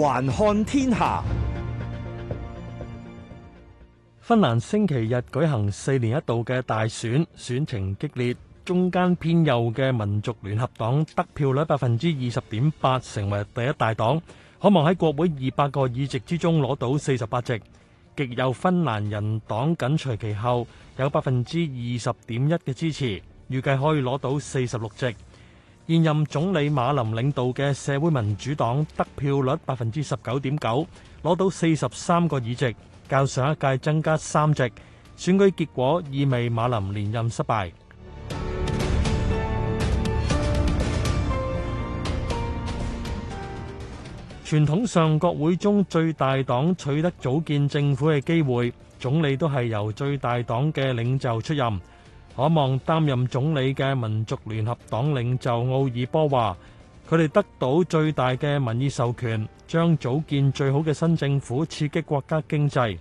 環看天下，芬蘭星期日舉行四年一度嘅大選，選情激烈。中間偏右嘅民族聯合黨得票率百分之二十點八，成為第一大黨，可望喺國會二百個議席之中攞到四十八席。極右芬蘭人黨緊隨其後，有百分之二十點一嘅支持，預計可以攞到四十六席。現任總理馬林領導的社會民主黨得票率百分之十九點九，攞到四十三個議席，較上一屆增加三席，選舉結果，意味馬林連任失敗。傳統上國會中最大黨取得組建政府的機會，總理都是由最大黨的領袖出任。可望擔任總理嘅民族聯合黨領袖奧爾波話：佢哋得到最大嘅民意授權，將組建最好嘅新政府，刺激國家經濟。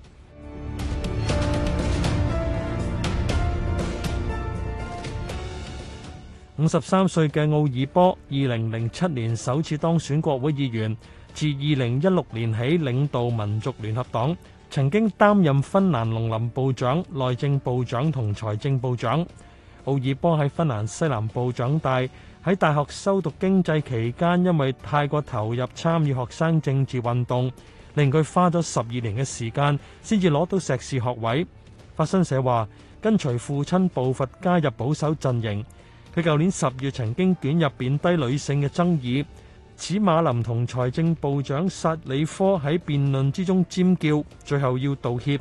五十三歲嘅奧爾波，二零零七年首次當選國會議員，自二零一六年起領導民族聯合黨。曾經擔任芬蘭農林部長、內政部長同財政部長。奧爾波喺芬蘭西南部長大，喺大學修讀經濟期間，因為太過投入參與學生政治運動，令佢花咗十二年嘅時間先至攞到碩士學位。法新社話，跟隨父親步伐加入保守陣營，佢舊年十月曾經捲入貶低女性嘅爭議。此馬林同財政部長薩里科喺辯論之中尖叫，最後要道歉。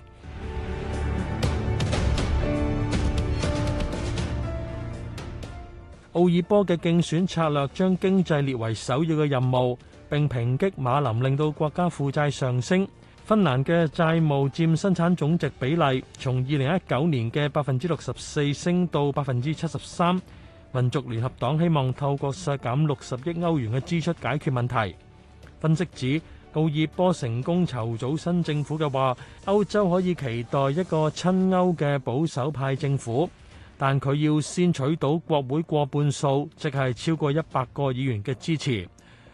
奧爾波嘅競選策略將經濟列為首要嘅任務，並抨擊馬林令到國家負債上升。芬蘭嘅債務佔生產總值比例從二零一九年嘅百分之六十四升到百分之七十三。民族聯合黨希望透過削減六十億歐元嘅支出解決問題。分析指奧爾波成功籌組新政府嘅話，歐洲可以期待一個親歐嘅保守派政府，但佢要先取到國會過半數，即係超過一百個議員嘅支持。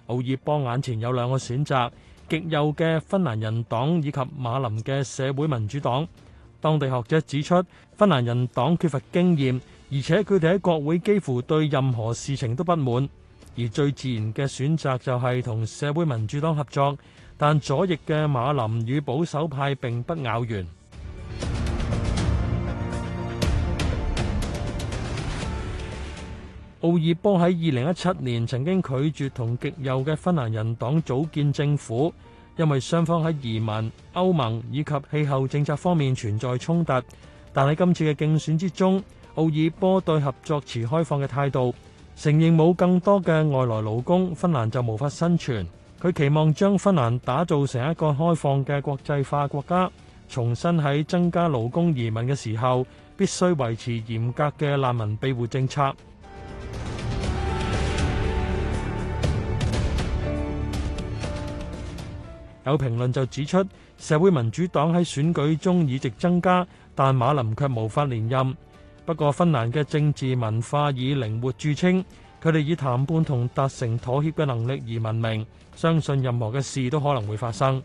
奧爾波眼前有兩個選擇：極右嘅芬蘭人黨以及馬林嘅社會民主黨。當地學者指出，芬蘭人黨缺乏經驗。而且佢哋喺國會幾乎對任何事情都不滿，而最自然嘅選擇就係同社會民主黨合作。但左翼嘅馬林與保守派並不咬弦。奧爾波喺二零一七年曾經拒絕同極右嘅芬蘭人黨組建政府，因為雙方喺移民、歐盟以及氣候政策方面存在衝突。但喺今次嘅競選之中，奧爾波對合作持開放的態度，承認冇更多外來勞工芬蘭就無法生存，佢期望將芬蘭打造成一個開放的國際化國家，重新喺增加勞工移民的時候，必須維持嚴格的難民庇護政策。有評論就指出，社會民主黨喺選舉中議席增加，但馬林卻無法連任。不過芬蘭嘅政治文化以靈活著稱，佢哋以談判同達成妥協嘅能力而聞名，相信任何嘅事都可能會發生。